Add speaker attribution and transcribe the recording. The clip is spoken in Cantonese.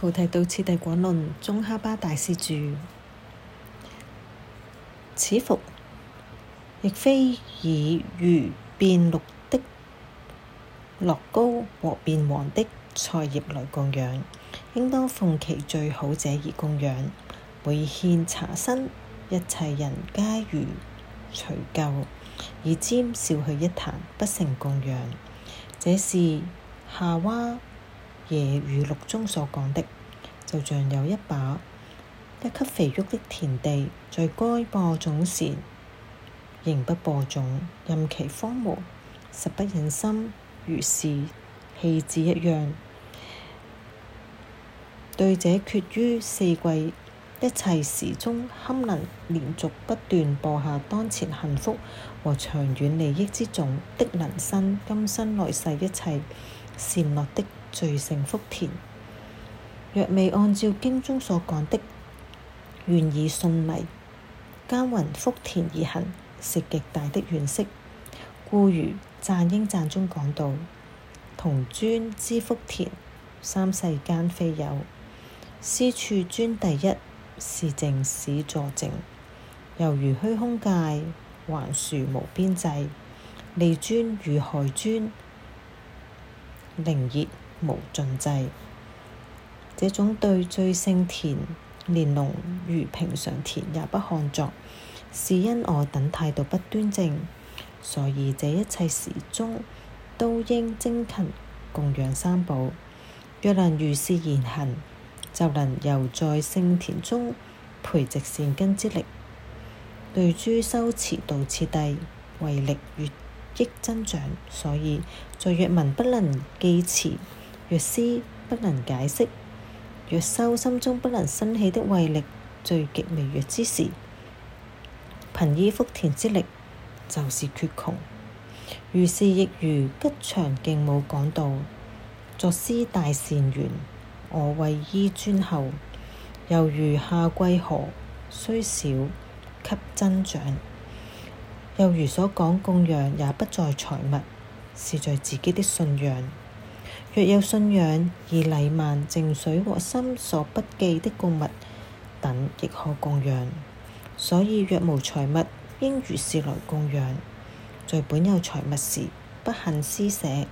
Speaker 1: 菩提道次第廣論，宗喀巴大師著。此服亦非以如變綠的落高和變黃的菜葉來供養，應當奉其最好者而供養。每獻茶身，一切人皆如隨救；以尖少去一壇，不成供養。這是夏娃。夜雨錄中所講的，就像有一把一級肥沃的田地，在該播種時，仍不播種，任其荒蕪，實不忍心，如是棄置一樣。對這決於四季一切時中，堪能連續不斷播下當前幸福和長遠利益之種的人生、今生來世一切善樂的。聚成福田，若未按照經中所講的願以信迷間雲福田而行，是極大的怨色。故如讚英讚中講到：同尊之福田，三世間非有；施處尊第一，是淨使坐淨。猶如虛空界，橫豎無邊際，利尊與害尊，凝熱。無盡制，這種對最聖田連龍如平常田也不看作，是因我等態度不端正，所以這一切時中都應精勤供養三寶。若能如是言行，就能由在聖田中培植善根之力，對諸修持道次第為力越益增長。所以在若民不能記持。若思不能解釋，若修心中不能生起的慧力，最極微弱之時，憑依福田之力就是缺窮。如是亦如吉祥敬母講到，作施大善緣，我為依尊後，猶如夏季河雖小，給增長，又如所講供養也不在財物，是在自己的信仰。若有信仰，以禮慢、淨水和心所不忌的供物等，亦可供養。所以，若無財物，應如是來供養；在本有財物時，不幸施捨。